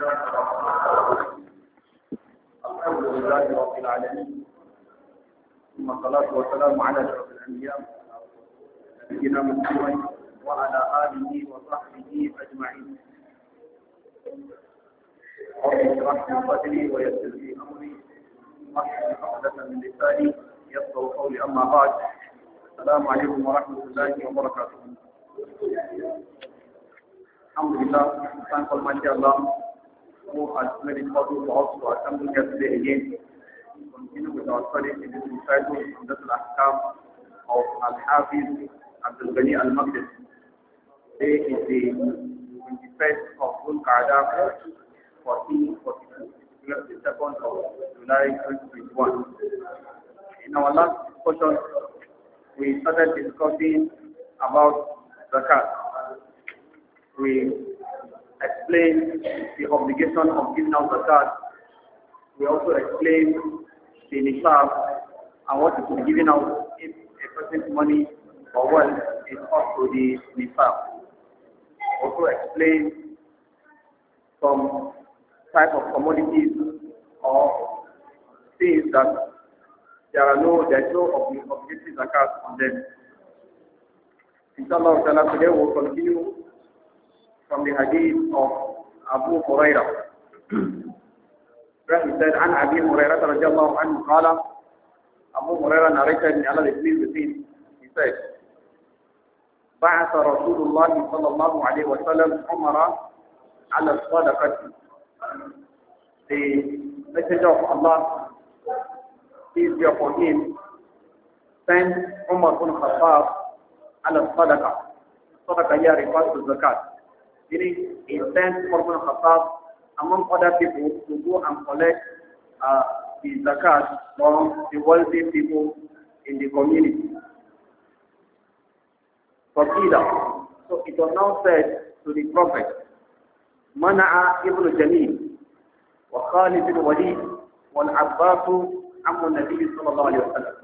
الحمد لله رب العالمين ثم الصلاة والسلام على أشرف الأنبياء نبينا محمد وعلى آله وصحبه أجمعين رب اشرح لي صدري ويسر لي أمري واحلل عقدة من لساني يفقهوا قولي أما بعد السلام عليكم ورحمة الله وبركاته الحمد لله نقول ما شاء الله who ultimately caused the house to assemble yesterday again. continue with our study in this recital in the last of Al-Hafiz Abdul Ghani Al-Maqdis. Today is the 21st of Dhul Qa'dah 1442, the 2nd of July 2021. In our last discussion, we started discussing about zakat. We Explain the obligation of giving out zakat. We also explain the nisab and what is to be given out if a person's money or wealth is up to the nisab. Also explain some type of commodities or things that there are no there's no obligatory zakat on them. Inshallah, today we'll continue from the hadith of Abu Hurairah. he said, An Abi Hurairah radiallahu anhu qala, Abu Hurairah narrated, in Allah is pleased with him, he said, بعث رسول الله صلى الله عليه وسلم عمر على الصدقة. The messenger of Allah, peace be upon him, sent Umar bin Khattab على الصدقة. الصدقة هي refers to zakat. meaning intent sent Umar among other people to go and collect uh, the zakat from the wealthy people in the community. For Fakida. So it was now said to the Prophet, Mana'a ibn Jamil, wa Khalid ibn Walid, Al Abbasu, Amr Nabi sallallahu alayhi wa sallam.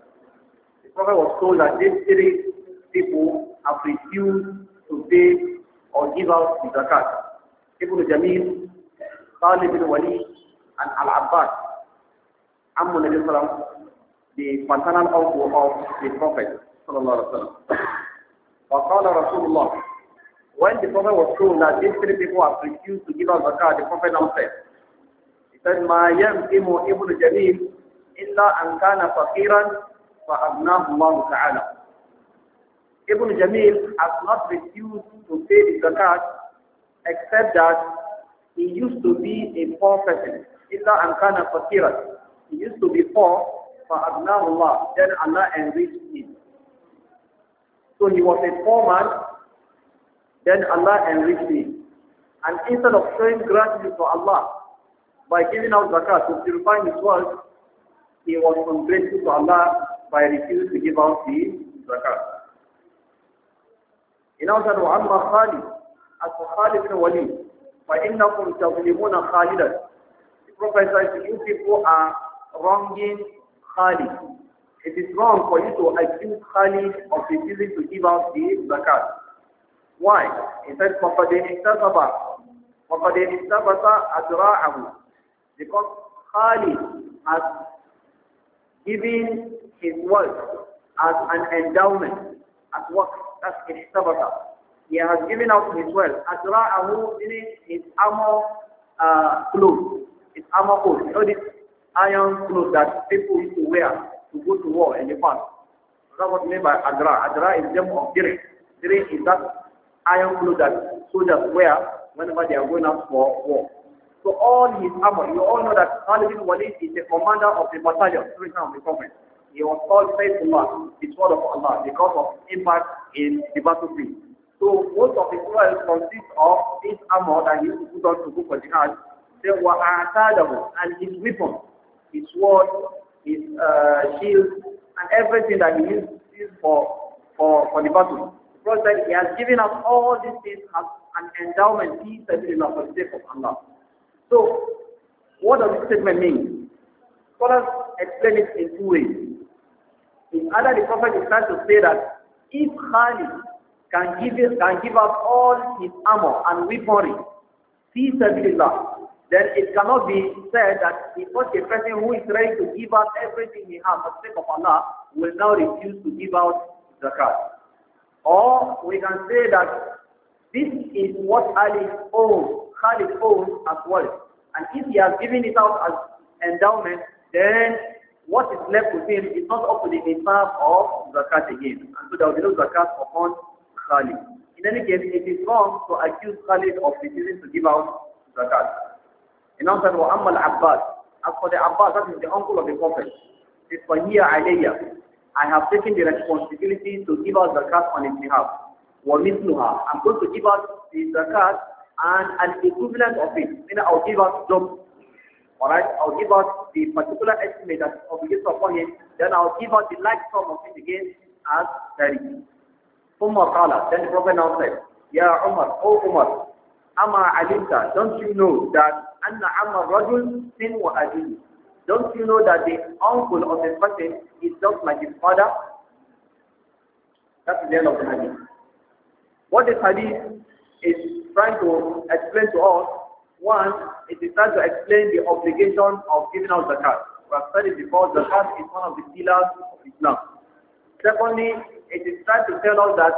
The Prophet was told that these three people have refused to pay or give out the zakat. Ibn Jamil, Talib ibn Wali, and Al-Abbas, Ammun Nabi Sallam, the paternal uncle of the Prophet Sallallahu Alaihi Wasallam. رسول الله when the Prophet was told that these three people have refused to give out zakat, the Prophet now said, He said, مَا يَمْئِمُ إِبْنُ جَمِيلٍ إِلَّا أَنْ كَانَ فَقِيرًا فَأَغْنَاهُ اللَّهُ تَعَالَى Ibn Jamil has not refused to pay the zakat except that he used to be a poor person. Illa kana fakira. He used to be poor, Allah. Then Allah enriched him. So he was a poor man, then Allah enriched him. And instead of showing gratitude to Allah by giving out zakat to purify his wealth, he was ungrateful to Allah by refusing to give out the zakat. He now said, وَأَمَّا خَالِدْ As for Khalid ibn Walid, فَإِنَّكُمْ تَظْلِمُونَ The Prophet says, you people are wronging Khalid. It is wrong for you to accuse Khalid of refusing to give out the zakat. Why? He said, فَقَدْ اِنْتَسَبَ فَقَدْ اِنْتَسَبَ أَذْرَاعَهُ Because Khalid has given his wealth as an endowment, as work as ishtabata. He has given out his wealth. Azraahu, meaning his armor uh, clothes, his armor coat. You know this iron clothes that people used to wear to go to war in the past. That's what meant by Adra. Adra is them of Dire. Dire is that iron clothes that soldiers wear whenever they are going out for war. So all his armor, you all know that Khalid bin Walid is the commander of the battalion, for example, the conference. He was called Faithullah, the sword of Allah, because of impact in the battlefield. So most of his wealth consists of his armor that he used to put on to go for jihad. There were atadable, and his weapon, his sword, his uh, shield, and everything that he used, for, for, for the battle. The Prophet he has given us all these things as an endowment, peace and for the sake of Allah. So, what does this statement mean? Scholars explain it in two ways. In other, the Prophet is trying to say that if Khalid can give, it, can give up all his armor and weaponry, see Sabilillah, then it cannot be said that the first a person who is ready to give up everything he has for the sake of Allah will now refuse to give out zakat. Or we can say that this is what Ali owns, Khalid owns as well. And if he has given it out as endowment, then what is left with him is not up to the nisab of zakat again. And so there will be no zakat upon Khalid. In any case, it is wrong to accuse Khalid of refusing to give out zakat. In answer to Ammal Abbas, as for the Abbas, that is the uncle of the Prophet, says, فَهِيَ عَلَيَّ I have taken the responsibility to give out zakat on his behalf. وَمِثْلُهَا I'm going to give out the zakat and an equivalent of it. Meaning I'll give out double Alright, I'll give us the particular estimate that is obligated upon him, then I'll give us the like sum of it again as 30. Umar Allah. then the Prophet now said, Ya Umar, O Umar, Amma Alimta, don't you know that Anna Amma Rajul Sin wa Adil? Don't you know that the uncle of the person is just like his father? That's the end of the hadith. What the hadith is trying to explain to us one, it is time to explain the obligation of giving out zakat. We have studied before, zakat is one of the pillars of Islam. Secondly, it is time to tell us that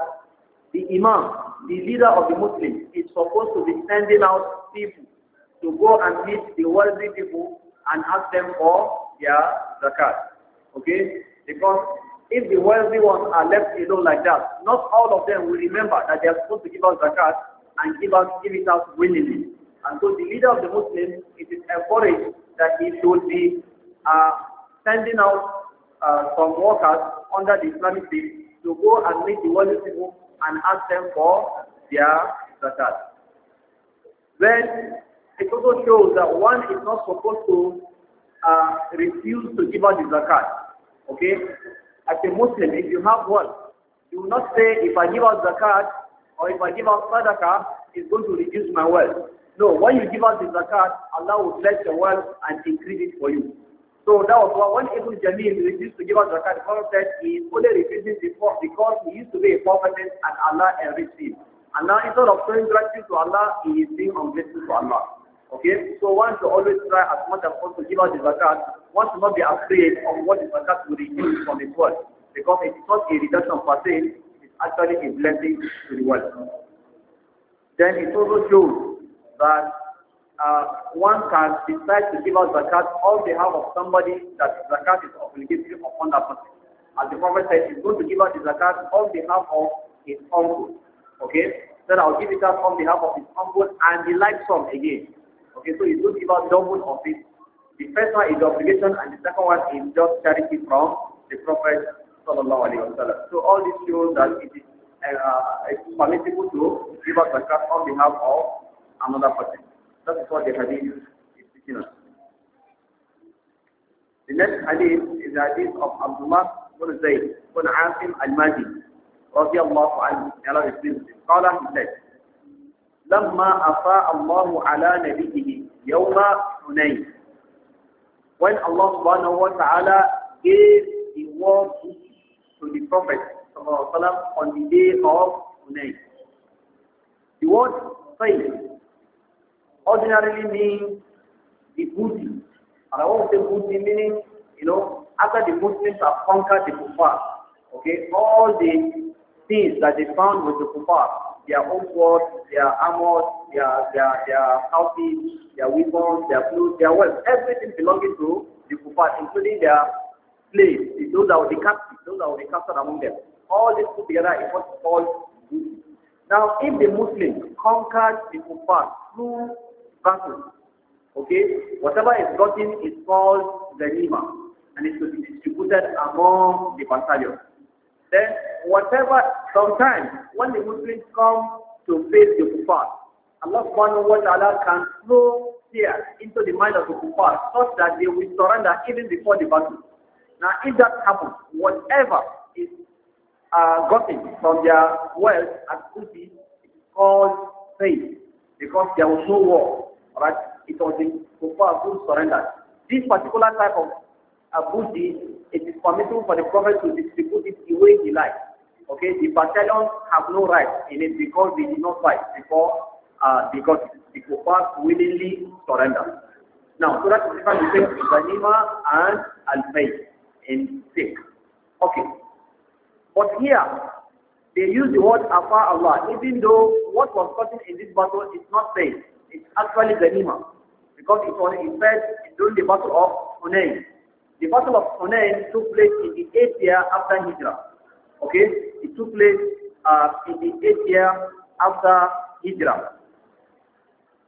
the imam, the leader of the Muslims, is supposed to be sending out people to go and meet the wealthy people and ask them for their zakat. Okay? Because if the wealthy ones are left alone like that, not all of them will remember that they are supposed to give out zakat and give, out, give it out willingly. And so the leader of the Muslims, it is encouraged that he should be uh, sending out uh, some workers under the Islamic state to go and meet the worldly people and ask them for their zakat. Then it also shows that one is not supposed to uh, refuse to give out the zakat. Okay? As a Muslim, if you have wealth, you will not say, if I give out zakat or if I give out sadaqah, it's going to reduce my wealth. No, when you give out the zakat, Allah will bless your wealth and increase it for you. So that was why when Ibn Jamil refused to give out zakat, the Prophet said he only refused it because he used to be a prophet and Allah enriched him. And now instead of showing gratitude to Allah, he is being ungrateful to Allah. Okay, so one should always try as much as possible to give out the zakat. One should not be afraid of what the zakat will reduce from the world. Because it is not a reduction per se, it is actually a blessing to the world. Then it also shows that uh, one can decide to give out zakat on behalf of somebody that zakat is obligatory upon that person. As the Prophet said, he's going to give out the zakat on behalf of his uncle. Okay? Then I'll give it out on behalf of his uncle and the likes of again. Okay, so he's going to give out double of it. The first one is obligation and the second one is just charity from the Prophet Sallallahu Alaihi Wasallam. So all this shows that it is uh, uh it's permissible to give out zakat on behalf of another person. That is what the hadith is teaching us. The next hadith is the hadith of Abdullah bin Zayd bin Asim al-Mahdi رضي الله عنه يلا يسلم قال النبي لما أفاء الله على نبيه يوم حنين when Allah subhanahu wa ta'ala gave the word to the Prophet صلى الله عليه وسلم, on the day of Hunayn. The word faith ordinarily means the booty. And I want to say booty meaning, you know, after the Muslims have conquered the Kufar, okay, all the things that they found with the Kufar, their own sword, their armor, their, their, their houses, their weapons, their clothes, their wealth, everything belonging to the Kufar, including their slaves, those that were the captives, those that were the captured among them. All this put together is what's called booty. Now, if the Muslims conquered the Kufar through Okay? Whatever is gotten is called nima, and it should be distributed among the battalion. Then whatever, sometimes when the Muslims come to face the kufar, Allah subhanahu wa ta'ala can throw fear into the mind of the kufar, such that they will surrender even before the battle. Now if that happens, whatever is uh, gotten from their wealth as booty is called faith because there was no war but It was in Kufa Abdul surrendered. This particular type of Abuji, it is permissible for the Prophet to distribute it the way he likes. Okay, the battalions have no right in it because they did not fight before uh, because the Kufar willingly surrendered. Now, so that's the difference between Ghanima and Al-Bayt in Sikh. Okay. But here, they use the word Afa Allah, even though what was gotten in this battle is not said. It actually Ghanima. Because it was in fact during the Battle of Hunayn. The Battle of Hunayn took place in the 8th year after Hijrah. Okay? It took place uh, in the 8th year after Hijrah.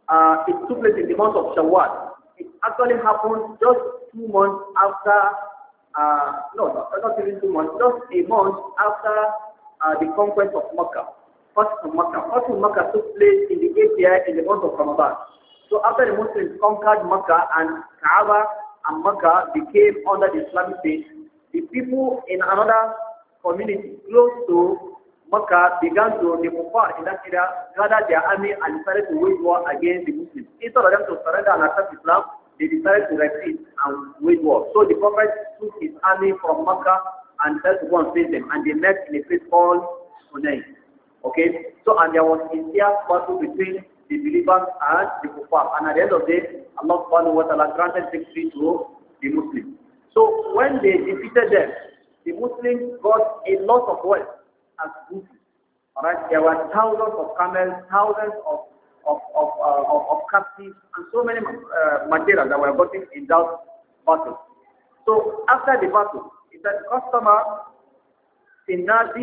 Uh, it took place in the month of Shawwal. It actually happened just two months after, uh, no, not, even two months, just a month after uh, the conquest of Makkah. First, Makkah. Fatih Makkah took place in the 8th year in the month of Ramadan. So after the Muslims conquered Makkah and Kaaba and Makkah became under the Islamic state, the people in another community close to Makkah began to, the in that area, gathered their army and decided to wage war against the Muslims. Instead of them to surrender and accept Islam, they decided to retreat and wage war. So the Prophet took his army from Makkah and said to go and face them, and they met in a place called Hunayn. Okay? So, and there was sincere battle between the believers and the kuffar. And at the end of the day, Allah subhanahu wa ta'ala granted victory to the Muslims. So, when they defeated them, the Muslims got a lot of wealth as booty. Alright? There were thousands of camels, thousands of of of, uh, of, of captives and so many uh, materials that were gotten in that battle. So after the battle, it's a customer النَّاسِ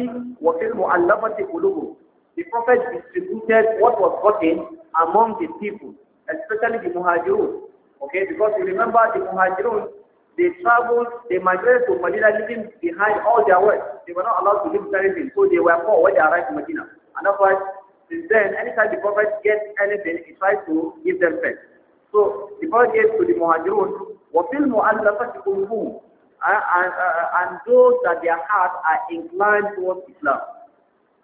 وَفِي الْمُعَلَّفَةِ ulubu, The Prophet distributed what was gotten among the people, especially the Muhajirun. Okay, because you remember the Muhajirun, they traveled, they migrated to Medina leaving behind all their wealth. They were not allowed to leave anything, so they were poor when they arrived in Medina. And that's why since then, anytime the Prophet gets anything, he tries to give them first. So the Prophet gave to the Muhajirun, وَفِي الْمُعَلَّفَةِ قُلُوبُهُمْ uh, uh, and those that their hearts are inclined towards Islam.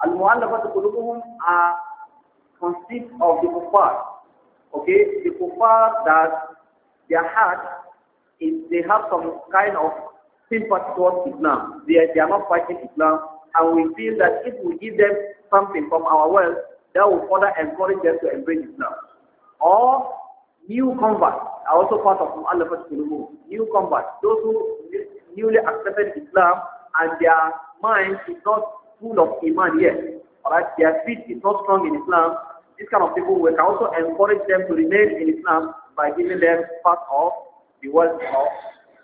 Al-Mu'allafat Qulubuhum are consist of the kuffar. Okay, the kuffar that their heart is they have some kind of sympathy towards Islam. They are, they are not fighting Islam and we feel that if we give them something from our wealth, that will further encourage them to embrace Islam. Or new converts are also part of Mu'allafat Qulubu. New converts, those who newly accepted Islam and their mind is not full of Iman yet. Alright, their faith is not strong in Islam. These kind of people, we can also encourage them to remain in Islam by giving them part of the wealth of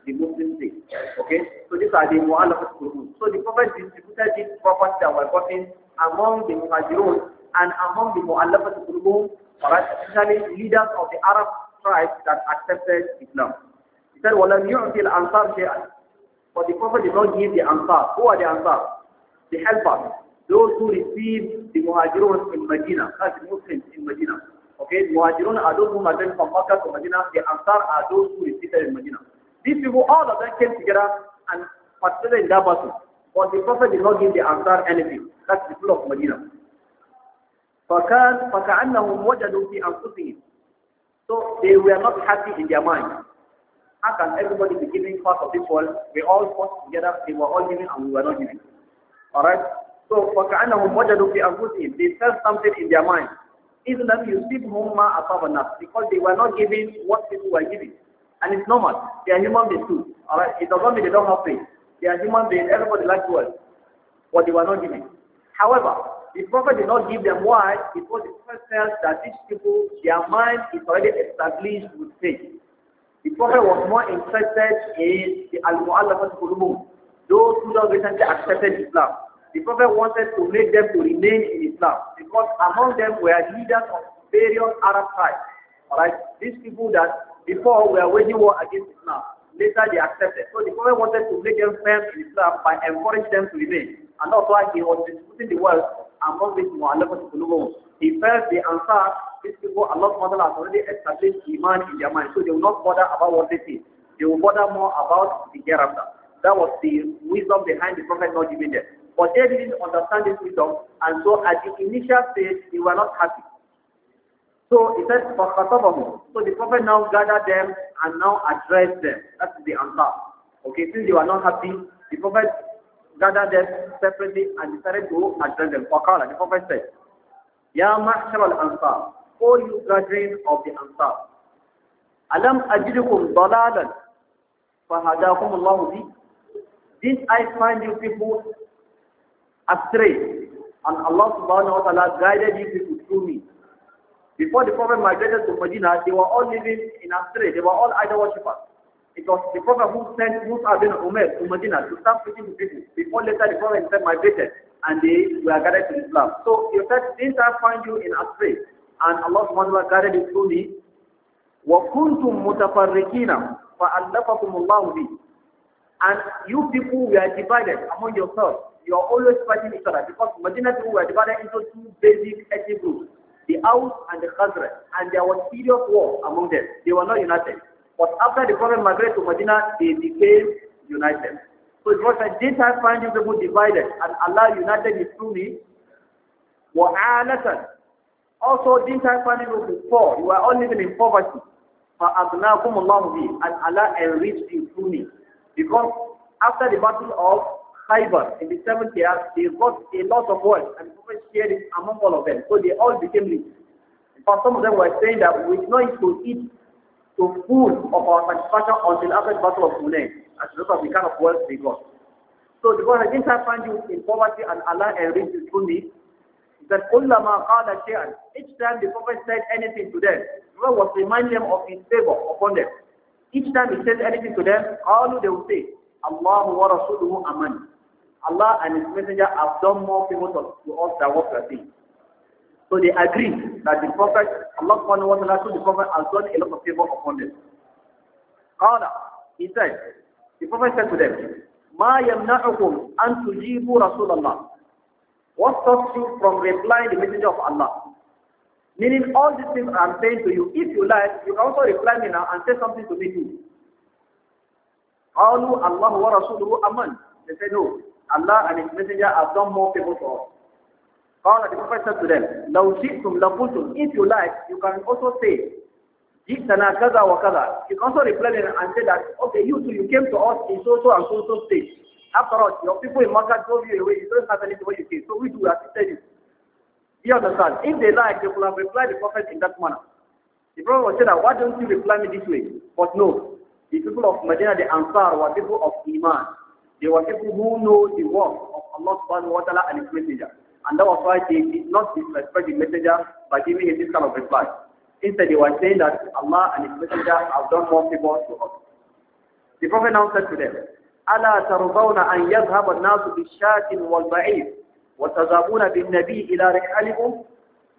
the Muslim Okay, so these are the Mu'allafat Qulubu. So the Prophet distributed these property that were gotten among the Muhajirun and among the Mu'allafat Qulubu alright, especially leaders of the Arab tribes that accepted Islam. He said, you until Ansar شَيْئًا But the Prophet did not give the Ansar. Who are the Ansar? The helpers, those who received the Muhajirun in Medina, the Muslims in Medina. Okay, the Muhajirun are those who migrated from Makkah to Medina, the Ansar are those who received in Medina. These people, all of them came together and participated in that battle. But the Prophet did not give the Ansar anything. That's the people of Medina. فكان فكأنهم وجدوا في أنفسهم So they were not happy in their mind. How can everybody be giving part of this world? We all fought together, they were all giving and we were not giving. Alright? So فكأنهم وجدوا في أنفسهم They felt something in their mind. Even if you speak Humma Asavanas, because they were not giving what people were giving. And it's normal. They are human beings too. Alright? It doesn't mean they don't have faith. They are human beings, everybody likes what what they were not giving. However, the prophet did not give them why, because the prophet felt that these people, their mind is already established with faith. The prophet was more interested in the Al-Mu'allafat Qulubun, those who have recently accepted Islam. The prophet wanted to make them to remain in Islam, because among them were leaders of various Arab tribes. Alright, these people that before were waging war against Islam, later they accepted. So the prophet wanted to make them firm in Islam by encouraging them to remain. And that's why he was distributing the wealth among these mu'allafat qulubuhum. He felt the answer, these people, Allah SWT has already established Iman in their mind, so they will not bother about what they see. They will bother more about the hereafter. That was the wisdom behind the Prophet not giving them. But they didn't understand this wisdom, and so at the initial stage, they were not happy. So he said, فَخَطَبَهُمْ So the Prophet now gathered them and now addressed them. That's the answer. Okay, since they were not happy, the Prophet gathered them separately and decided to address them. Waqala, the Prophet said, Ya ma'shar al-ansar, O you brethren of the ansar, alam ajidukum dalalan, fahadakum Allahu bi. Did I find you people astray? And Allah subhanahu wa ta'ala guided you people through me. Before the Prophet migrated to Medina, they were all living in astray. They were all idol worshippers. Because before the Prophet who sent Musa bin Umar to Medina to start preaching to people before later the Prophet himself migrated and they were gathered to Islam. So he said, didn't I find you in astray? And Allah subhanahu wa ta'ala guided you through me. وَكُنْتُمْ مُتَفَرِّقِينَ فَأَلَّفَكُمُ اللَّهُ بِي And you people were divided among yourselves. You are always fighting each other because Medina people were divided into two basic ethnic groups, the Aus and the Khazraj. And there was serious war among them. They were not united. But after the Prophet migrated to Medina, they became united. So the Prophet did I find you people divided, and Allah united you me?" Sunni. وَعَالَةً Also didn't I find you people poor, you were all living in poverty. فَأَغْنَاكُمُ اللَّهُ me, And Allah enriched you through me, Because after the battle of Khaybar in the seventh year, they got a lot of wealth, and the Prophet shared it among all of them. So they all became rich. But some of them were saying that we know it to eat to full of our satisfaction until after the battle of Hunayn, as a result of the kind of wealth they got. So the Prophet didn't find you in poverty and Allah enriches you through me. That ulama qala shay'an. Each time the Prophet said anything to them, the was reminding them of his favor upon them. Each time he said anything to them, qalu they would say, Allahu wa rasuluhu aman. Allah and his messenger have done more favors to us than what we are seeing. So they agree that the Prophet, Allah subhanahu wa ta'ala, the Prophet has done a lot of favor upon them. Qala, he said, the Prophet said to them, مَا يَمْنَعُكُمْ أَن تُجِيبُوا رَسُولَ اللَّهِ What stops you from replying the messenger of Allah? Meaning all these things I'm saying to you, if you like, you can also reply me now and say something to me too. قَالُوا اللَّهُ وَرَسُولُهُ أَمَنْ They said, no, Allah and His messenger have done more favor for us. قال the professor to them, لو شئتم لقلتم, if you like, you can also say, جئتنا كذا وكذا. You can also reply them and say that, okay, you too, you came to us in so-so and so-so state. After all, your people in Makkah drove you away, you don't have anything where you came, so we do assisted you. You understand? If they like, they will have replied the prophet in that manner. The prophet said say that, why don't you reply me this way? But no, the people of Medina, the Ansar, were people of Iman. They were people who know the work of Allah subhanahu wa ta'ala and His messenger. And that was why they did not disrespect the messenger by giving him this kind of reply. Instead, they were saying that Allah and His messenger have done more favors to us. The Prophet now said to them, ألا ترضون أن يذهب الناس بالشاة والبعير وتذهبون بالنبي إلى رحالكم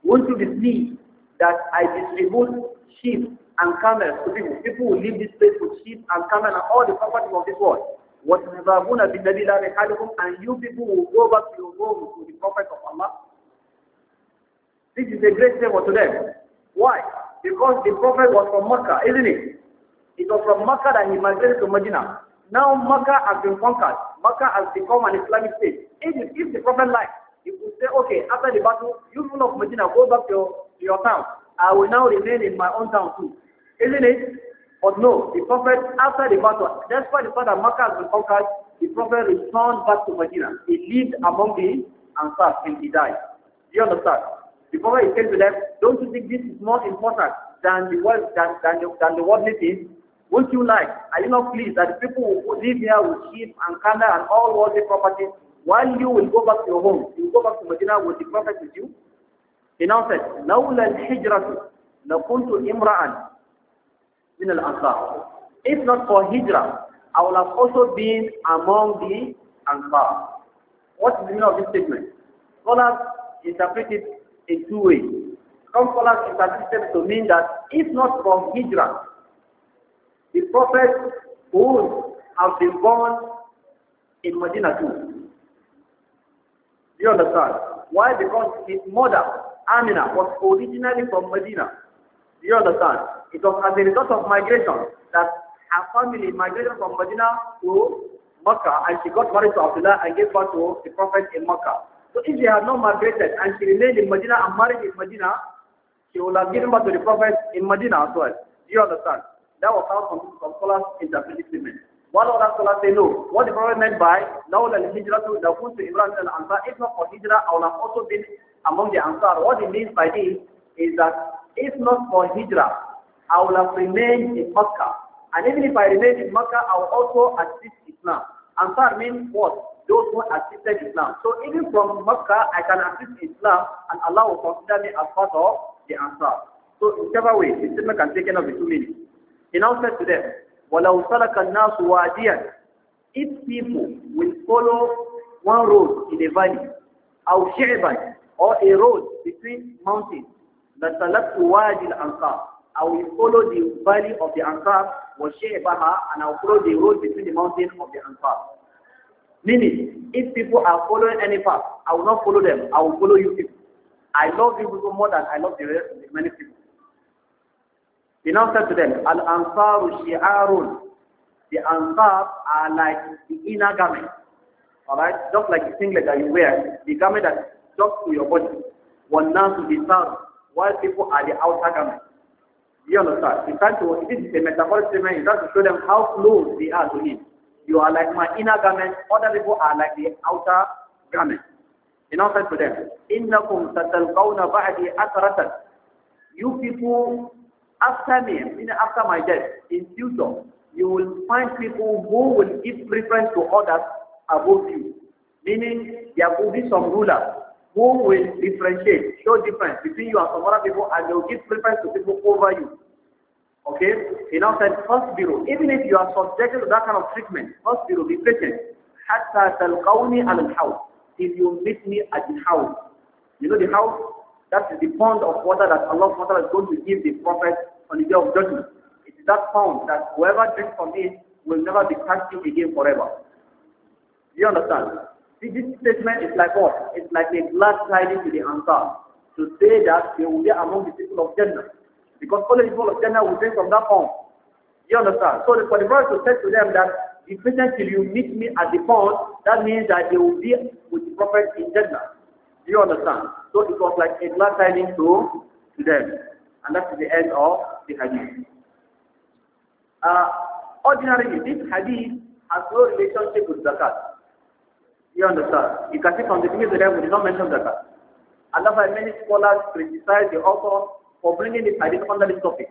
Won't you be that I distribute sheep and camels to people? People will leave this place with sheep and camels and all the property of this world. وَتَنَذَابُونَ بِالَّذِي لَا رِحَالِكُمْ And you people will go back to your homes to the Prophet of Allah. This is a great favor to them. Why? Because the Prophet was from Makkah, isn't it? It was from Makkah that he migrated to Medina. Now Makkah has been conquered. Makkah has become an Islamic state. If, if the Prophet liked, he would say, okay, after the battle, you people of Medina, go back to your, to your town. I will now remain in my own town too. Isn't it? But no, the Prophet, after the battle, despite the fact that Makkah has been conquered, the Prophet returned back to Medina. He lived among the Ansar and he died. Do you understand? The Prophet said to them, don't you think this is more important than the world, than, than, the, than the worldly things? Won't you like, are you not pleased that the people who live here with sheep and cattle and all worldly property, while you will go back to your home, you will go back to Medina with the Prophet with you? He now said, لولا الحجرة لكنت Imra'an, min al-Ansar. If not for Hijrah, I would have also been among the Ansar. What is the meaning of this statement? Scholars interpret it in two ways. Some scholars interpret it to mean that if not for Hijrah, the Prophet would have been born in Medina too. Do you understand? Why? Because his mother, Amina, was originally from Medina. Do you understand? It was as a result of migration that her family migrated from Medina to Mecca and she got married to Abdullah and gave birth to the Prophet in Mecca. So if she had not migrated and she remained in Medina and married in Medina, she would have given birth to the Prophet in Medina as well. Do you understand? That was how some, some scholars interpreted the meaning. One other scholars say no. What the Prophet meant by "Now the hijra to the to Ibrahim al-Ansar, if not for Hijra, I would have also been among the Ansar. What he means by this is that if not for hijrah, I would have remained in Mecca. And even if I remained in Mecca, I would also assist Islam. Ansar means what? Those who assisted Islam. So even from Mecca, I can assist Islam and Allah will consider me as part of the Ansar. So whichever way, the statement can take another two meanings. He now said to them, وَلَوْ سَلَكَ النَّاسُ وَادِيًا If people will follow one road in a valley, أو شعبًا, or a road between mountains, لَسَلَبْتُ the الْأَنْقَارِ I will follow the valley of the Anqar, وَشَيْبَهَا And I will follow the road between the mountains of the Anqar. Meaning, if people are following any path, I will not follow them. I will follow you people. I love you people more than I love the rest of the many people. He now said to them, Al-Ansaru Shi'arun. The Ansar are like the inner garment. Alright? Just like the singlet that you wear. The garment that talks to your body. One now to be served while people are the outer garment. You understand? in trying to, this is a metaphoric statement, he's trying to show them how close they are to him. You are like my inner garment, other people are like the outer garment. In now said to them, إِنَّكُمْ تَتَلْقَوْنَ بَعْدِي أَثَرَةً You people, after me, meaning after my death, in future, you will find people who will give preference to others above you. Meaning, there will be some rulers who will differentiate, show difference between you and some other people and they will give preference to people over you. Okay? He now said, first bureau, even if you are subjected to that kind of treatment, first bureau, be patient. حَتَّى تَلْقَوْنِي al الْحَوْضِ If you meet me at the house. You know the house? That is the pond of water that Allah SWT is going to give the Prophet on the day of judgment. It is that pond that whoever drinks from it will never be thirsty again forever. Do you understand? This statement is like what? It's like a glad tidings to the Ansar. To say that they will be among the people of Jannah. Because all the people of Jannah will be from that pond. You understand? So the, for the verse to say to them that if till you meet me at the pond, that means that they will be with the prophet in Jannah. Do you understand? So it was like a glad tidings to, to them. And that's the end of the hadith. Uh, ordinarily, this hadith has no relationship with zakat. You understand? You can see from the beginning to the end, we did not mention zakat. And that's many scholars criticize the author for bringing this hadith under this topic,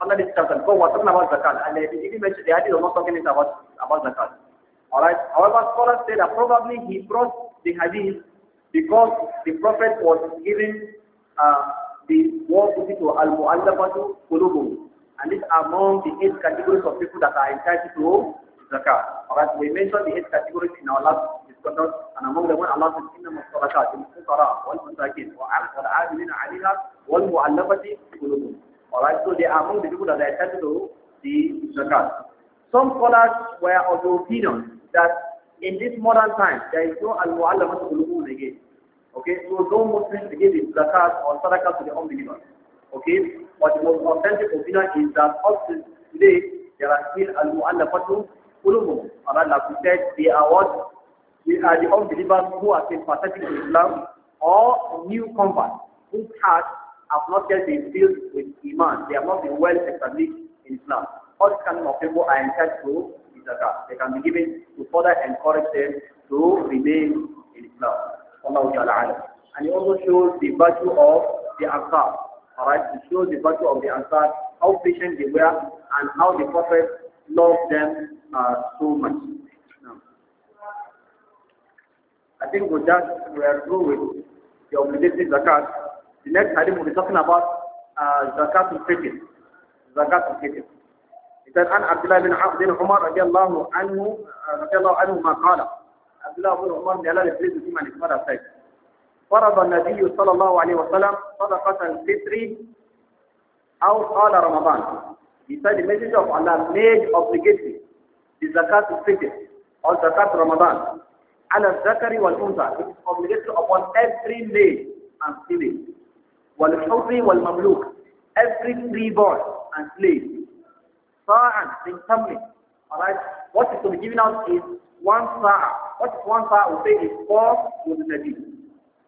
under this chapter. Because we're talking about zakat, and they didn't mention the hadith was not talking about, about zakat. Alright? However, scholars say that probably he brought the hadith because the Prophet was giving uh, the word to Al-Mu'allafatu Qulubu. And these among the eight categories of people that are entitled to zakat. Alright, we mentioned the eight categories in our last conduct, and Some scholars were of the opinion that in this modern time, there is no al-mu'allafat qulubuhum again. Okay, so no Muslims give his zakat or sadaqah to the unbelievers. Okay, but the most authentic opinion is that up today, there are still al-mu'allafat qulubuhum. Alright, said, they we are the unbelievers who have been pathetic to Islam or new converts whose hearts have not yet been filled with Iman. They have not been well established in Islam. All these kind of people are entitled to zakat. They can be given to further encourage them to remain in Islam. And it also shows the virtue of the Ansar. Alright, it shows the virtue of the Ansar, how patient they were and how the Prophet loved them uh, so much. I think with that, we are through with the obligatory zakat. The next hadith will be talking about uh, zakat al-fitr. Zakat al-fitr. It said, An Abdullah bin Abdin Umar radiallahu anhu, uh, radiallahu anhu ma qala. Abdullah bin Umar, may Allah be pleased with him and his mother said, فرض النبي صلى الله عليه وسلم صدقة الفطر أو قال رمضان. He said the message of Allah made obligatory the zakat al-fitr or zakat Ramadan ala zakari wal unza. It is obligatory upon every male and female. Wal hurri wal mamluk. Every freeborn and slave. Sa'an in tamri. Alright. What is to be given out is one sa'a. What is one sa'a? We say is four muzinadi.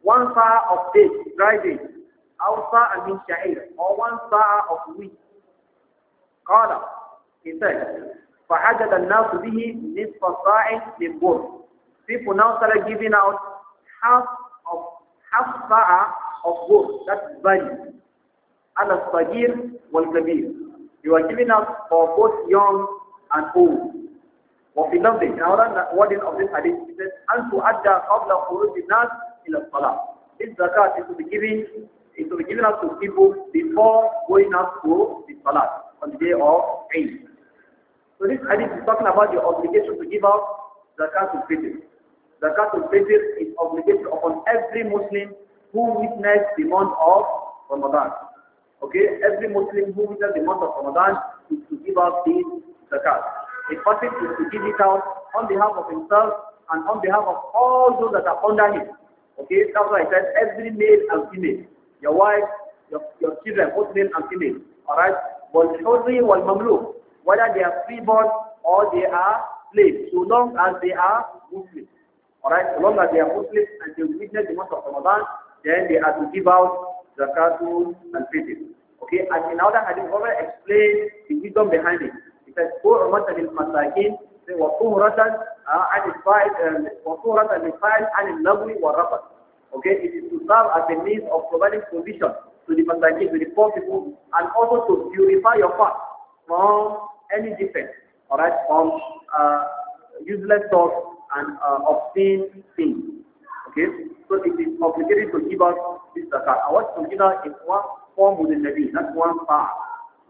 One sa'a of day, dry day. Or sa'a min sha'ir. Or one sa'a of wheat. Qala. He said, فعدد الناس به نصف صاع من people now started giving out half of half sa'a of gold. That's value. Ala sagir wal kabir. You are giving out for both young and old. وفي لفظ in another wording of this hadith it says أن تؤدى قبل خروج in إلى salah. This zakat is to be given is to be given out to people before going out to the salah on the day of Eid. So this hadith is talking about the obligation to give out zakat to people. Zakatul Fitr is obligatory upon every Muslim who witnessed the month of Ramadan. Okay, every Muslim who witnessed the month of Ramadan is to give out this zakat. A person is to give it out on behalf of himself and on behalf of all those that are under him. Okay, that's why I said every male and female, your wife, your, your children, both male and female. Alright? والحر والمملوك whether they are freeborn or they are slaves, so long as they are Muslims. Alright, so long as they are Muslims and they witness the month of Ramadan, then they are to give out zakatul and fitr. Okay, and in other hadith, Umar explained the wisdom behind it. He says, "Poor Ramadan is masakin, وطهرة عن الفائل and it's عن wa والرفث. Uh, um, okay, it is to serve as a means of providing provision to the masakin, to the poor people, and also to purify your heart from any defect, all right, from uh, useless thoughts and uh, obscene things. Okay? So it is obligated to give out this zakat. I want to give out in one form of the Nabi, not one part.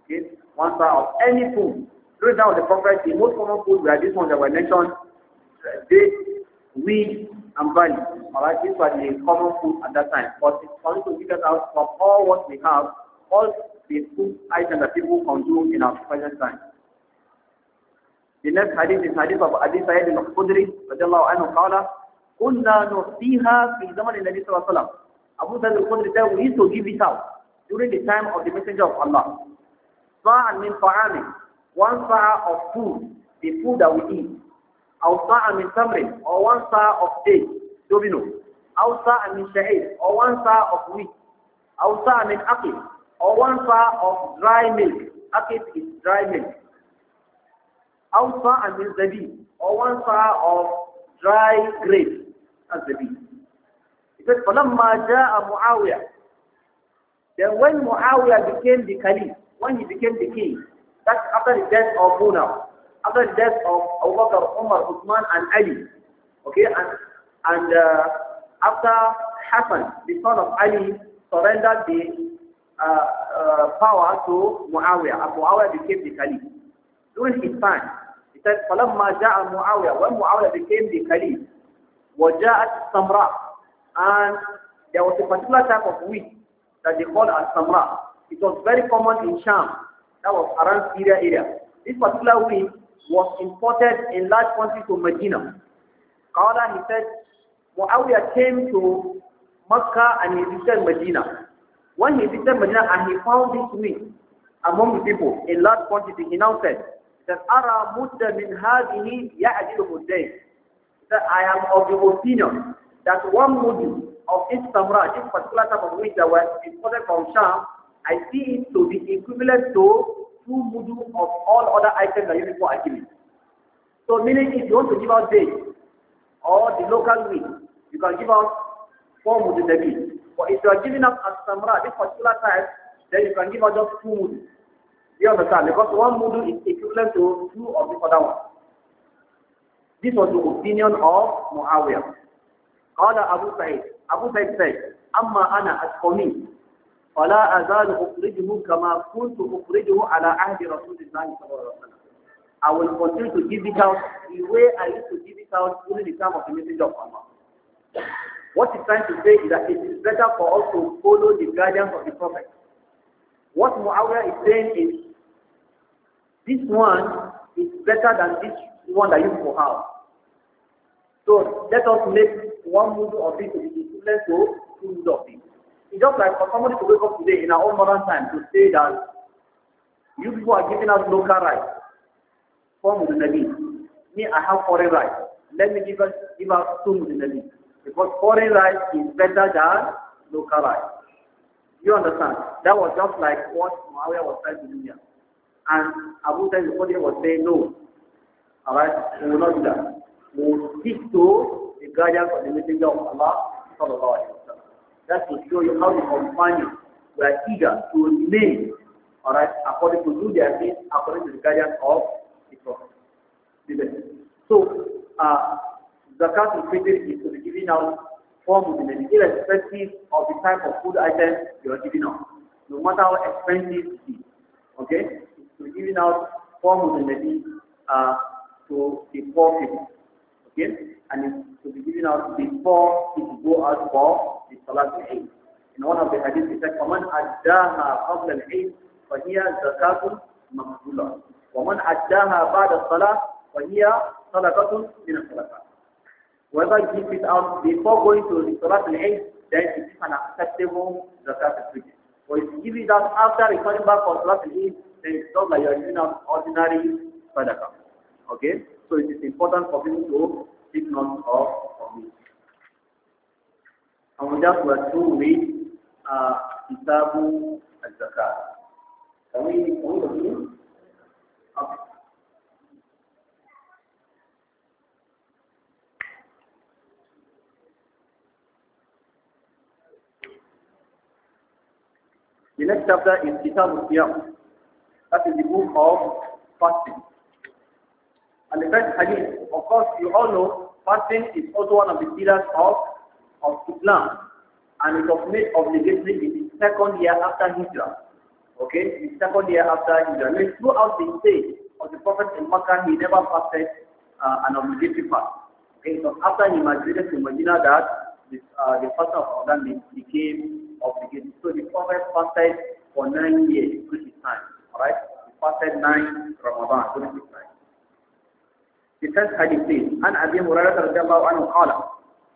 Okay? One part of any food. During that of the Prophet, the most common food were these ones that were mentioned, uh, date, wheat, and barley. Alright, these were the common food at that time. But it's only to give us out from all what we have, all the food items that people consume in our present time. في نفس حديث حديث أبي سعيد الخدري رضي الله عنه قال كنا نعطيها في زمن النبي صلى الله عليه وسلم Abu Sa'id al-Khudri said we used to give it out during the time of the messenger of Allah sa'an min one sa'a of food the food that we eat أو ساعة من تمر or one sa'a of date domino أو ساعة من شعير or one sa'a of wheat أو ساعة من أقل or one sa'a of dry milk أقل is dry milk Outside and means zabi, or one saw of dry grapes as Because He said, فَلَمَّا جَاءَ مُعَاوِيَةً Then when Muawiyah became the caliph, when he became the king, that's after the death of Buna, after the death of Abu Bakr, Umar, Uthman, and Ali. Okay, and, and uh, after Hassan, the son of Ali, surrendered the uh, uh, power to Muawiyah, and Muawiyah became the caliph. During his time, said, فَلَمَّا جَاءَ Muawiyah When Muawiyah became the caliph, وَجَاءَتْ samra, And there was a particular type of wheat that they called as samra. It was very common in Sham. That was around Syria area. This particular wheat was imported in large quantities to Medina. Qala, he said, Muawiyah came to Mecca and he visited Medina. When he visited Medina and he found this wheat among the people in large quantity, he now said, that ara mudda min ya'jilu muddayn. That I am of the opinion that one muddu of each samra, this particular type of wheat that was imported from Sham, I see it to be equivalent to two mudu of all other items that you people are giving. So meaning if you want to give out dates or the local wheat, you can give out four mudu daily. But if you are giving up a samra, this particular type, then you can give out just two mudu. You understand? Because one mudu is equivalent to two of the other one. This was the opinion of Muawiyah. قال أبو سعيد أبو سعيد said أما أنا as for me فلا أزال أخرجه كما كنت أخرجه على عهد رسول الله صلى الله عليه وسلم I will continue to give it out the way I used to give it out during the time of the messenger of Allah. What he's trying to say is that it is better for us to follow the guidance of the Prophet. What Muawiyah is saying is this one is better than this one that you for have. So let us make one move of it to be equivalent to two moves of it. It's just like for somebody to wake up today in our own modern time to say that you people are giving us local rights. Four Mudinabi. Me, I have foreign rights. Let me give us give us two Mudinabi. Because foreign rights is better than local rights. You understand? That was just like what Maria was trying to do here. And Abu Dhabi Qadri was saying, no, alright, we will not do that. We will stick to the guardian of the Messenger of Allah, sallallahu alayhi wa sallam. That will show you how the companions were eager to remain, alright, according to do their things, according to the guardian of the Prophet. So, uh, zakat al fitr is to be given out form from women, irrespective of the type of food item you are giving out, no matter how expensive it is. Okay? to giving out forms of the Nabi uh, to the poor people. Okay? And it's to be given out before it go out for the Salat al-Eid. In one of the hadith it says, فَمَنْ أَدَّاهَا قَبْلَ الْعِيدِ فَهِيَ زَكَاةٌ مَقْبُولَةٌ وَمَنْ أَدَّاهَا بَعْدَ الصَّلَاةِ فَهِيَ صَدَقَةٌ مِنَ الصَّدَقَةِ Whoever gives it out before going to the Salat al-Eid, then it is an acceptable Zakat al-Fitr. So if you give it out after returning back from Salat eid then it's not like you are giving out ordinary sadaqah. Okay? So it is important for people to take not of, of this. And with that, we are through to uh, al-Zakat. Can we, Okay. The next chapter is Kitab al-Qiyam. That is the book of fasting. And the first hadith, of course, you all know fasting is also one of the pillars of, of Islam. And it was made obligatory in the second year after Hijrah. Okay, the second year after Hijrah. Means throughout the stay of the Prophet in Makkah, he never fasted uh, an obligatory fast. Okay, so after he migrated to Medina that this, uh, the fast of Ramadan became obligated. So the Prophet fasted for nine years during his time. Alright? He fasted nine Ramadan during his time. The first hadith is, عن أبي هريرة رضي الله عنه قال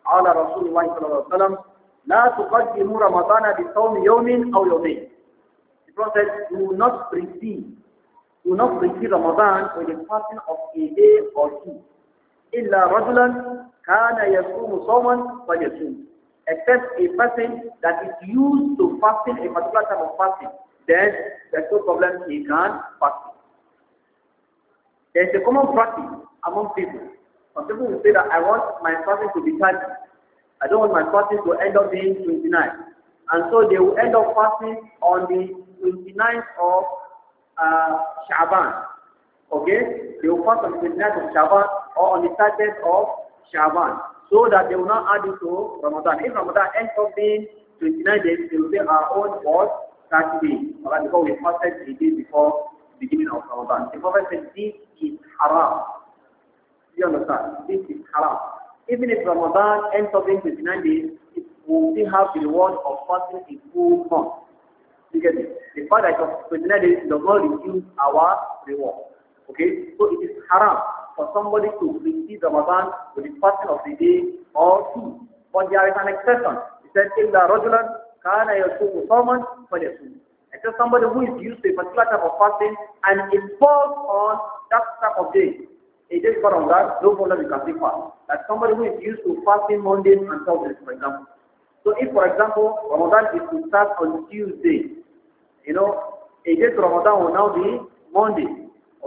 قال رسول الله صلى الله عليه وسلم لا تقدموا رمضان بصوم يوم أو يومين. The Prophet do not precede do not precede Ramadan with the fasting of a day or two. إلا رجلا كان يصوم صوما فليصوم Except a person that is used to fasting, a particular type of fasting, then there's no problem, he can fast. There's a common practice among people. Some people will say that I want my fasting to be 30. I don't want my fasting to end up being 29. And so they will end up fasting on the 29th of uh, Shaban. Okay? They will fast on the 29th of Shaban or on the 30th of Shaban so that they will not add it to Ramadan. If Ramadan ends up being 29 days, they will be our own what? that day. Alright, because we fasted a day before the beginning of Ramadan. The Prophet said, this is haram. You understand? This is haram. Even if Ramadan ends up being 29 days, it will still have the reward of fasting a full month. Because The fact that 29 days does not reduce our reward. Okay? So it is haram for somebody to receive Ramadan with the fasting of the day or two. But there is an exception. He said, the رَجُلًا كَانَ يَصُومُ صَوْمًا فَلْيَصُومُ Except somebody who is used to a particular type of fasting and it falls on that type of day. A day for Ramadan, no problem you can take fast. Like somebody who is used to fasting Mondays and Thursdays, for example. So if, for example, Ramadan is to start on Tuesday, you know, a day to Ramadan will now be Monday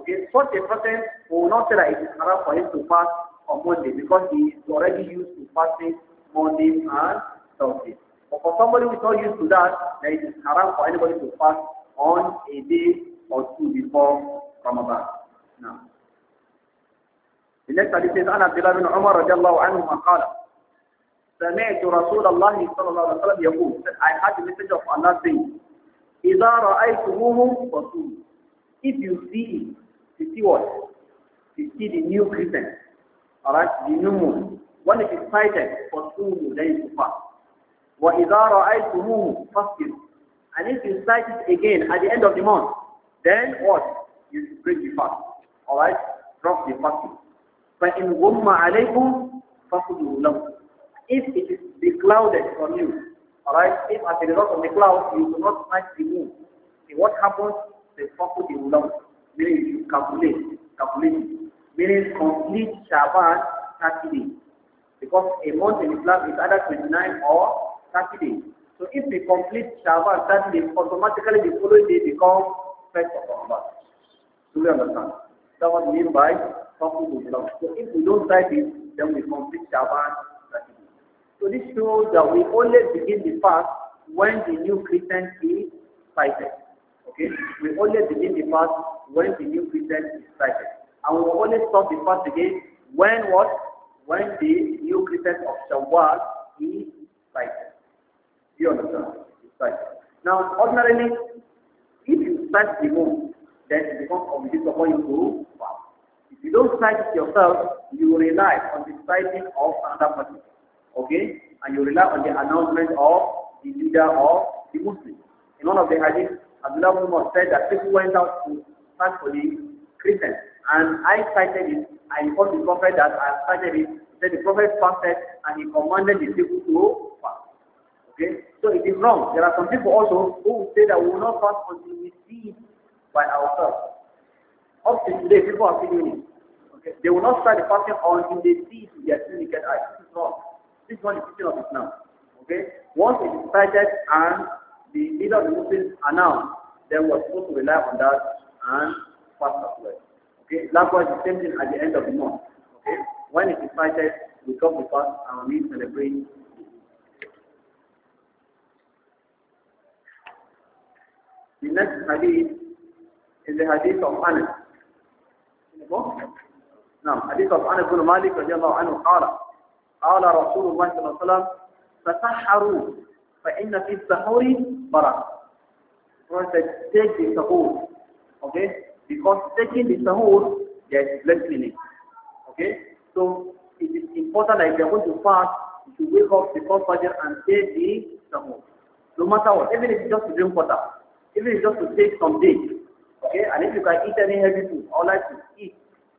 okay, so a person will not say that it is haram for him to fast on Monday because he is already used to fasting Monday and Thursday. But for somebody who is not used to that, then it is haram for anybody to fast on a day or two before Ramadan. Now. The next hadith is Anna عبد الله بن عمر رضي الله قال سمعت رسول الله صلى الله عليه وسلم يقول I had the message of Allah saying إذا رأيتموهم فصوموا If you see to see what? To see the new crescent. Alright? The new moon. When it is sighted, فَصُومُ لَيْكُفَا وَإِذَا رَأَيْتُمُوهُ فَصْبِرُوا And if you sight it again at the end of the month, then what? You break the fast. Alright? Drop the fasting. فَإِنْ غُمَّ عَلَيْكُمْ فَصُدُوا لَهُ If it is beclouded from you, alright, if as a result of the cloud, you do not sight the moon, then what happens? The fast will be meaning you calculate, calculate, meaning complete Shaban 30 days. Because a month in Islam is either 29 or 30 days. So if we complete Shaban 30 days, automatically the following day becomes 1st of Ramadan. Do we understand? That was meant by Fakhul So if we don't try this, then we complete Shaban 30 days. So this shows that we only begin the fast when the new Christian is sighted. Okay? We only begin the fast when the new Christian is sighted. And we only stop the fast again when what? When the new Christian of Shawwal is sighted. Do you understand? It's Now, ordinarily, if you sight the moon, then it becomes obligatory upon you to fast. If you don't sight it yourself, you rely on the sighting of another person. Okay? And you rely on the announcement of the leader of the Muslim. In one of the hadiths, Abdullah Umar said that people went out to fight for the Christians. And I cited it. I informed the prophet that I cited it. Then the prophet fasted and he commanded the people to fast. Okay? So it is wrong. There are some people also who say that we will not fast until we see it by ourselves. Up to today, people are still it. Okay? They will not start the fasting until they see it with their naked eyes. This is wrong. This is not the teaching of Islam. Okay? Once it is cited and the leader of the Muslims announced, then we're supposed to rely on that and fast as well. Okay, likewise the same thing at the end of the month. Okay, when it is decided, we come to fast and we celebrate. The next hadith is the hadith of Anas. نعم حديث عن بن مالك رضي الله عنه قال قال رسول الله صلى الله عليه وسلم تسحروا فَإِنَّ فِي السَّحُورِ barak. Someone said, take the sahur. Okay? Because taking the sahur, there is blessing in it. Okay? So, it is important that if you are going to fast, you should wake up before Fajr and take the sahur. No matter what, even if it's just to drink water, even if it's just to take some dates, okay? And if you can eat any heavy food, all like to eat,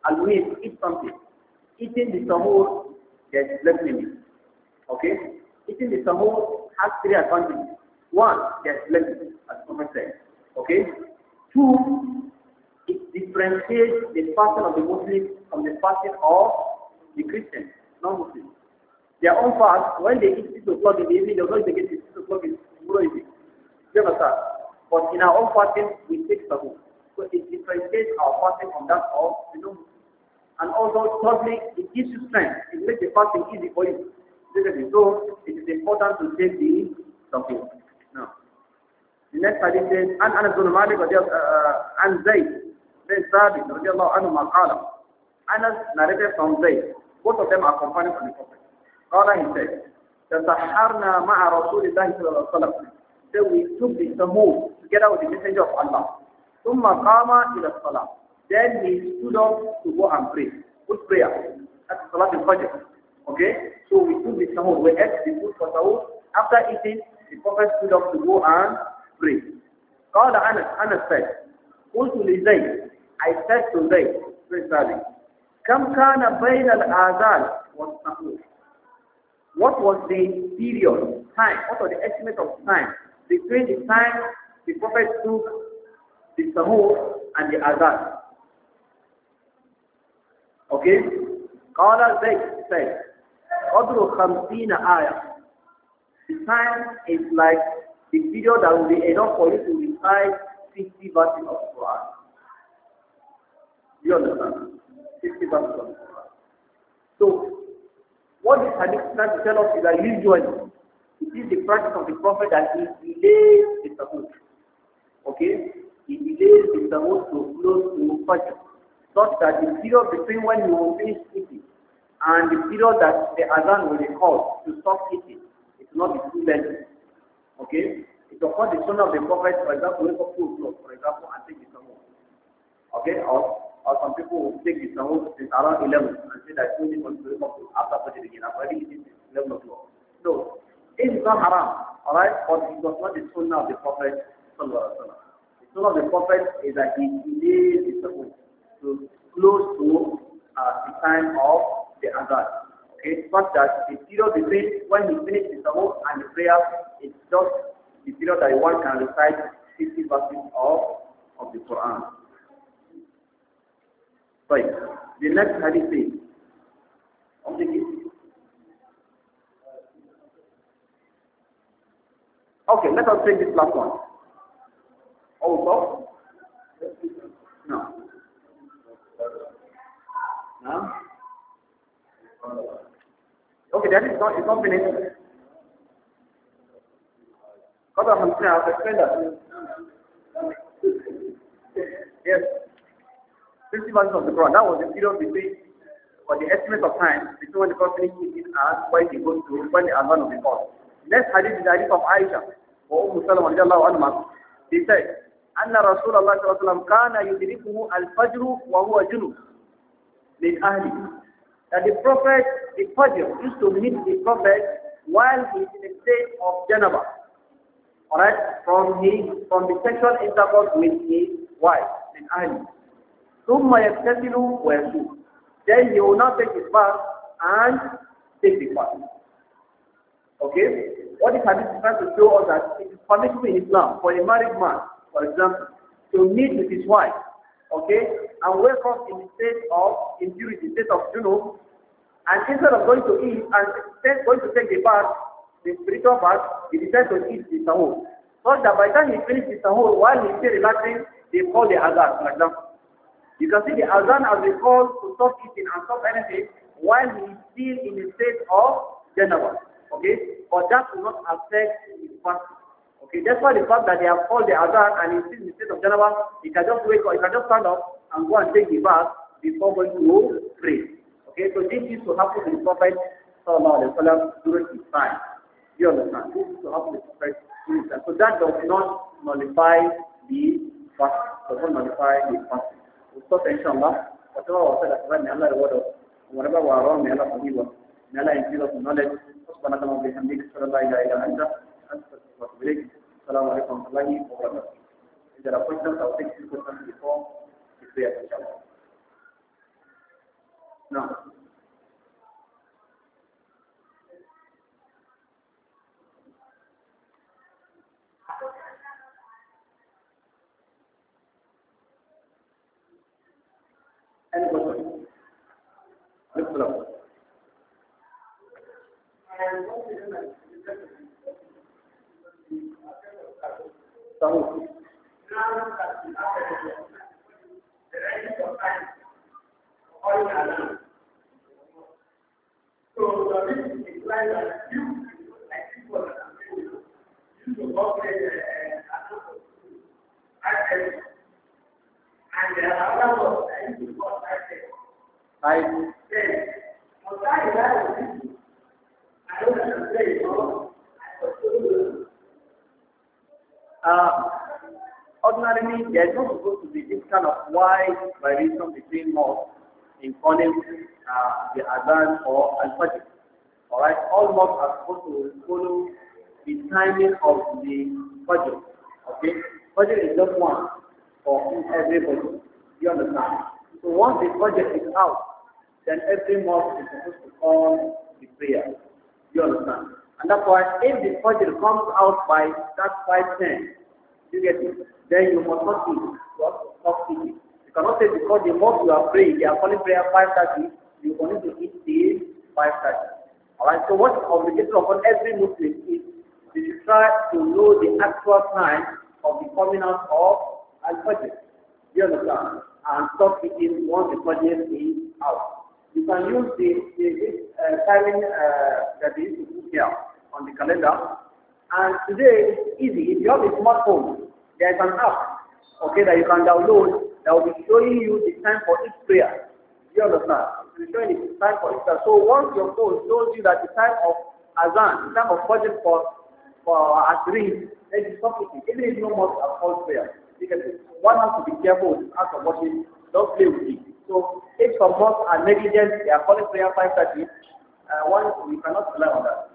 to eat something. Eating the sahur, there is blessing in it. Okay? Eating the sahur has three advantages. One, there's blending, as Prophet said. Okay? Two, it differentiates the person of the Muslim from the person of the Christian, non-Muslim. Their own fast, when they eat 6 o'clock in the evening, they do not get 6 o'clock in the evening. But in our own fasting, we take taboo. So it differentiates our fasting from that of the non-Muslim. And also, thirdly, it gives you strength. It makes the fasting easy for you. Seriously, so it is important to take the topic. Now, the next hadith says, "An Anas bin Malik رضي عن زيد بن ثابت رضي الله عنهما Anas narrated from Zayd. Both of them are companions of the Prophet. قال he said, تسحرنا مع رسول الله صلى الله عليه وسلم. So we took the tamu together with the messenger of Allah. ثم قام إلى الصلاة. Then he stood up to go and pray. Good prayer. That's Salat al-Fajr. Okay? So we took the sahur. We ate the food for sahur. After eating, the Prophet stood up to go and pray. the anas, anas said قلت لزيد I said to Zayd praise Allah كم كان azal الآذان والسحور What was the period, time, what was the estimate of time between the time the Prophet took the sahur and the azal?" Okay? قال زيد said Qadru Khamsina ayah. time is like the video that will be enough for you to recite 50 verses of Quran. Do you understand? 50 verses of Quran. So, what this hadith is trying to tell us is that usually, it is the practice of the Prophet that he delays the Sahut. Okay? He delays the Sahut to close to Fajr, such that the period between when you will finish eating and the period that the Azan will be called to stop eating. It will not be too lengthy. Okay? It occurs the son of the prophet, for example, wake up 2 o'clock, for example, and take the sahur. Okay? Or, or some people will take the sahur since around 11 and say that only going to wake up after Fajr again. I've already eaten 11 o'clock. So, it is not haram, alright? But it was not the son of the prophet, sallallahu alaihi wasallam. The son of the prophet is that he delays the sahur to close to uh, the time of the Azan. Okay, not that the period between when he finished the salah and the prayer is just the period that one can recite 50 verses of, of the Quran. Right. The next hadith is, Okay, let us take this last one. Also, no. No? Okay, that is not, it's not finished. Because I'm going to explain that. yes. 50 verses of the Quran. That was the period between, or the estimate of time, between when the Quran finishes it and when he goes to, when the Adhan of the Quran. Next hadith is the hadith of Aisha, or Umm Salama, radiallahu anhu. He said, أن رسول الله صلى الله عليه وسلم كان يدركه الفجر وهو جنوب من أهله that the Prophet, the Fajr, used to meet the Prophet while he is in a state of janaba. Alright, from his, from the sexual intercourse with his wife and Ali. ثُمَّ يَكْتَسِلُ وَيَسُوبُ Then he will not take his bath and take the fast. Okay? What this hadith is trying to show us that it is permissible in Islam for a married man, for example, to meet with his wife, okay, and wake up in the state of impurity, state of junub, and instead of going to eat and going to take the bath, the spiritual bath, he decides to eat the sahur. So that by the time he finishes the sahur, while he's still relaxing, they call the azan, For example, You can see the azan as they call to stop eating and stop anything while he is still in the state of Geneva. Okay? But that will not affect his fasting. Okay, that's why the fact that they have called the azan and he's still in the state of Geneva, he can just wake up, he can just stand up, and go and take the bath before going to pray. Okay, so this used to happen in Prophet Sallallahu Alaihi Wasallam during his time. You understand? This used to happen in Prophet So that does not nullify the fast. Does not nullify the fast. So stop inshallah. Whatever was said, I may Allah reward us. Whatever we are wrong, may Allah forgive us. May Allah increase us in knowledge. سبحانك اللهم وبحمدك اشهد ان لا اله الا انت استغفرك واتوب اليك السلام عليكم ورحمه الله وبركاته اذا رفضت او تكتب بefore tafiya ta can na Saúde. Uh, Ordinarily, there is not supposed to be this kind of wide variation between mosques in calling uh, the Adhan or Al-Fajr. Alright, all mosques are supposed to follow the timing of the Fajr. Okay, Fajr is just one for everybody. You understand? So once the Fajr is out, then every mosque is supposed to call the prayer. You understand? And that's why if the Fajr comes out by that 510, you get it? Then you must not eat. You stop eating. You cannot say because the most you are praying, they are calling prayer 5.30, you only to eat till 5.30. Alright, so what is obligation upon every Muslim is to try to know the actual time of the coming out of Al-Fajr. You understand? And stop eating once the Fajr is out. You can use the, the, this uh, timing uh, that is here on the calendar and today, easy. If you have a smartphone, there is an app, okay, that you can download that will be showing you the time for each prayer. Do you understand? It will showing the time for each prayer. So once your phone shows you that the time of Azan, the time of project for for Ashrin, then you stop it. Even if no more a false prayer. Because one has to be careful with act of watching. Don't play with it. So if some mosques are negligent, they are calling prayer 5.30, uh, one, we cannot rely on that.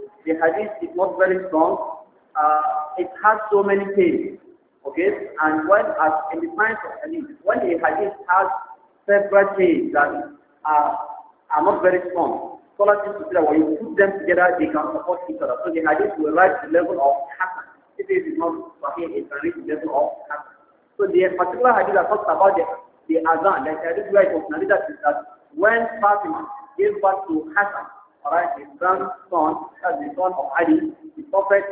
the hadith is not very strong. Uh, it has so many pages. Okay? And when, as in the science of hadith, when a hadith has several pages that are, uh, are not very strong, scholars used to say that when you put them together, they can support each other. So the hadith will rise to the level of Hassan. If it is not Sahih, it can reach the level of Hassan. So the particular hadith that talks about the, the Azan, the hadith where it was narrated that when Fatima gave birth to Hassan, Right, his grandson, as uh, the son of Ali, the Prophet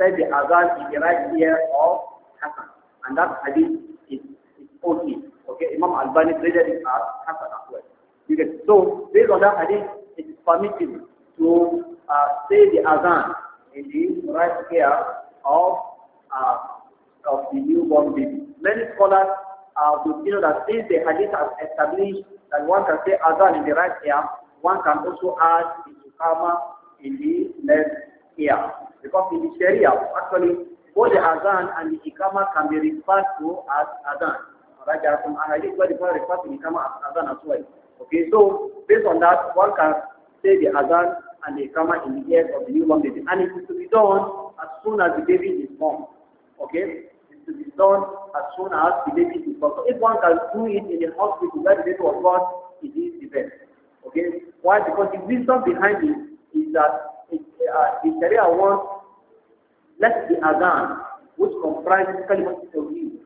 said the Azan in the right ear of Hassan. And that hadith is, is only. Okay, Imam Al-Bani treated it as Hassan as well. You so, based on that hadith, it is permitted to uh, say the Azan in the right ear of, uh, of the newborn baby. Many scholars uh, would you know that since the hadith has established that one can say Azan in the right ear, one can also add istiqama in the left ear. Because in the Sharia, actually, both the Azan and the ikama can be referred to as Azan. Right? there are some ahadith where people refer to ikama as Azan as well. Okay, so based on that, one can say the Azan and the ikama in the ears of the newborn baby. And it is to be done as soon as the baby is born. Okay? It is to be done as soon as the baby is born. So if one can do it in the hospital where the baby was born, it is the best. Okay? Why? Because the wisdom behind it is that it, uh, the Sharia wants, let the Adhan, which comprises Kalimat Tawheed,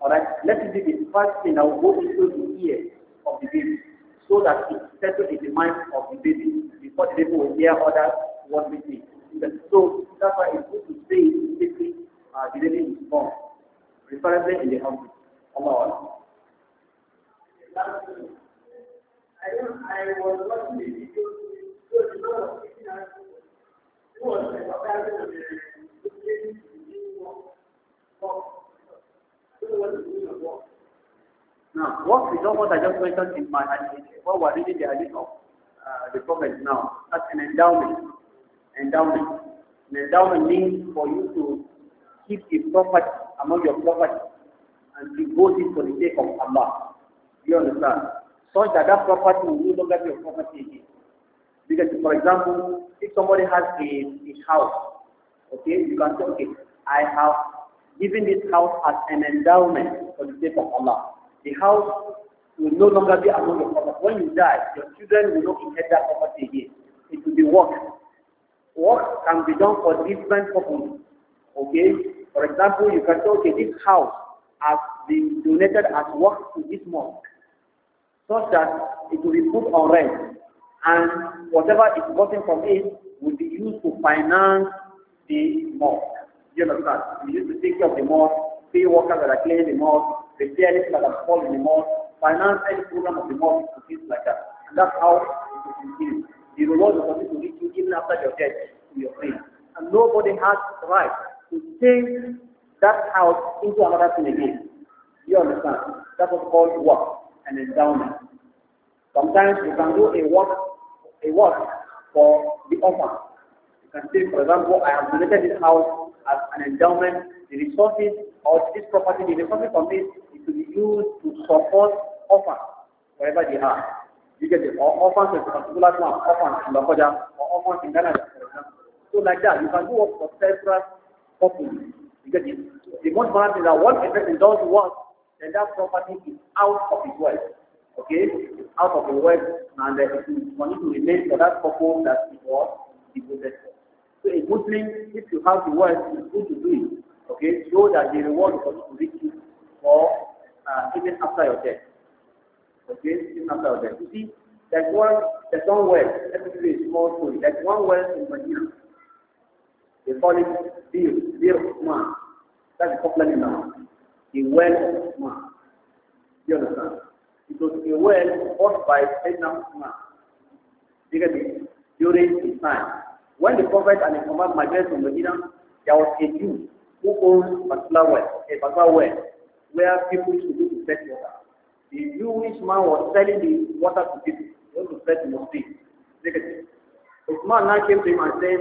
alright, let it be the first thing that will go into the ear of the baby, so that it settles in the mind of the baby before the baby will hear other what we think. So that's why it's good to say safely uh, the baby is born, preferably in the home. Allah Allah. I was watching the video, so the man was speaking at he was emphasizing on the now, what is all what I just mentioned in my hadith, what we're reading the hadith of uh, the Prophet now, that's an endowment. Endowment. An endowment means for you to keep a property among your property and devote it for the sake of Allah. You understand? such that that property will no longer be a property again. Because, for example, if somebody has a, a house, okay, you can say, okay, I have given this house as an endowment for the sake of Allah. The house will no longer be among your property. When you die, your children will not inherit that property again. It will be work. Work can be done for different purposes. Okay? For example, you can say, okay, this house has been donated as work to this mosque such that it will be put on rent and whatever is gotten from it will be used to finance the mosque. You understand? We used to take care of the mosque, pay workers that are cleaning the mosque, repair anything that has fallen in the mosque, finance any program of the mosque, things like that. And that's how it will continue. The reward will continue to reach you even after your death to your faith. And nobody has the right to change that house into another thing again. You understand? That was called work an endowment. Sometimes you can do a work, a work for the orphan. You can say, for example, I have donated this house as an endowment. The resources of this property, the resources from this, it will be used to support orphans, wherever they are. You get it? Or orphans in a particular town, orphans in Bakoja, or orphans in Ghana, for example. So like that, you can do work for several purposes. You get it? The most important thing is that what effect it does work then that property is out of his wealth. Okay? It's out of the wealth and uh, it is money to remain for that purpose that it was devoted for. So a if you have the wealth, it's good to do it. Okay? So that the reward is going to reach you for uh, even after your death. Okay? Even after your death. You see, there's one, there's one well, let me you a small story. There's one well in Medina. They call it Bir, Bir man." That's the popular name now a well man. You understand? It was a well bought by Satan's man. You get During his time. When the prophet and the command migrated to Medina, there was a Jew who owned Basla well, a Basla well, where people should go to fetch water. The Jewish man was selling the water to people, those to fetch Muslims. You get This man now came to him and said,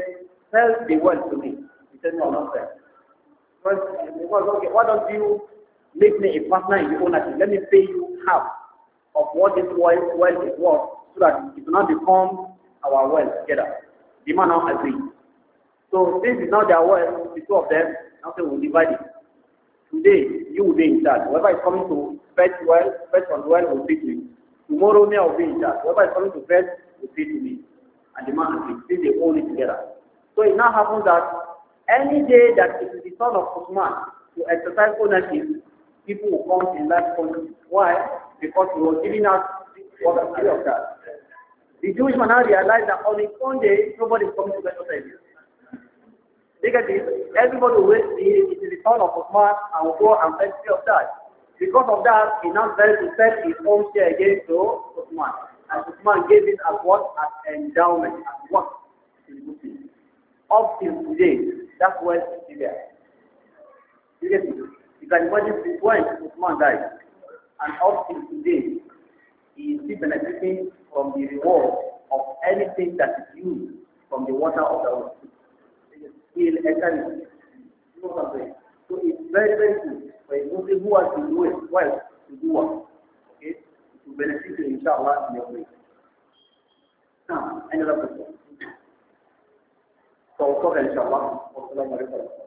sell the well to me. He said, no, not sell. Because, okay, why don't you Make me a partner in the ownership. Let me pay you half of what this wealth, wealth is worth so that it will not become our wealth together. The man now agreed. So since it's not their wealth, the two of them, now they will divide it. Today, you will be in charge. Whoever is coming to fetch wealth, fetch on wealth will feed me. Tomorrow, me, I will be in charge. Whoever is coming to fetch will feed to me. And the man agreed. Since they own it together. So it now happens that any day that it is the son of Usman to exercise ownership, people will come in that quantity. Why? Because he was giving out for a free of that. The Jewish man now realized that on his own day, nobody is coming to the hotel. Look at this. Everybody will see it is the son of Osman and will go and fetch free of that. Because of that, he now decided to set his own share against to Osman. And Osman gave it as what? As endowment, as what? Up till today, that's where it's there. You get it? You can imagine before Usman died and up till today, he is still benefiting from the reward of anything that is used from the water of the world. He will enter it. So it's very, very good for a Muslim who has been doing well to do what? Okay? To benefit inshallah in your way. Now, another question. So, inshallah.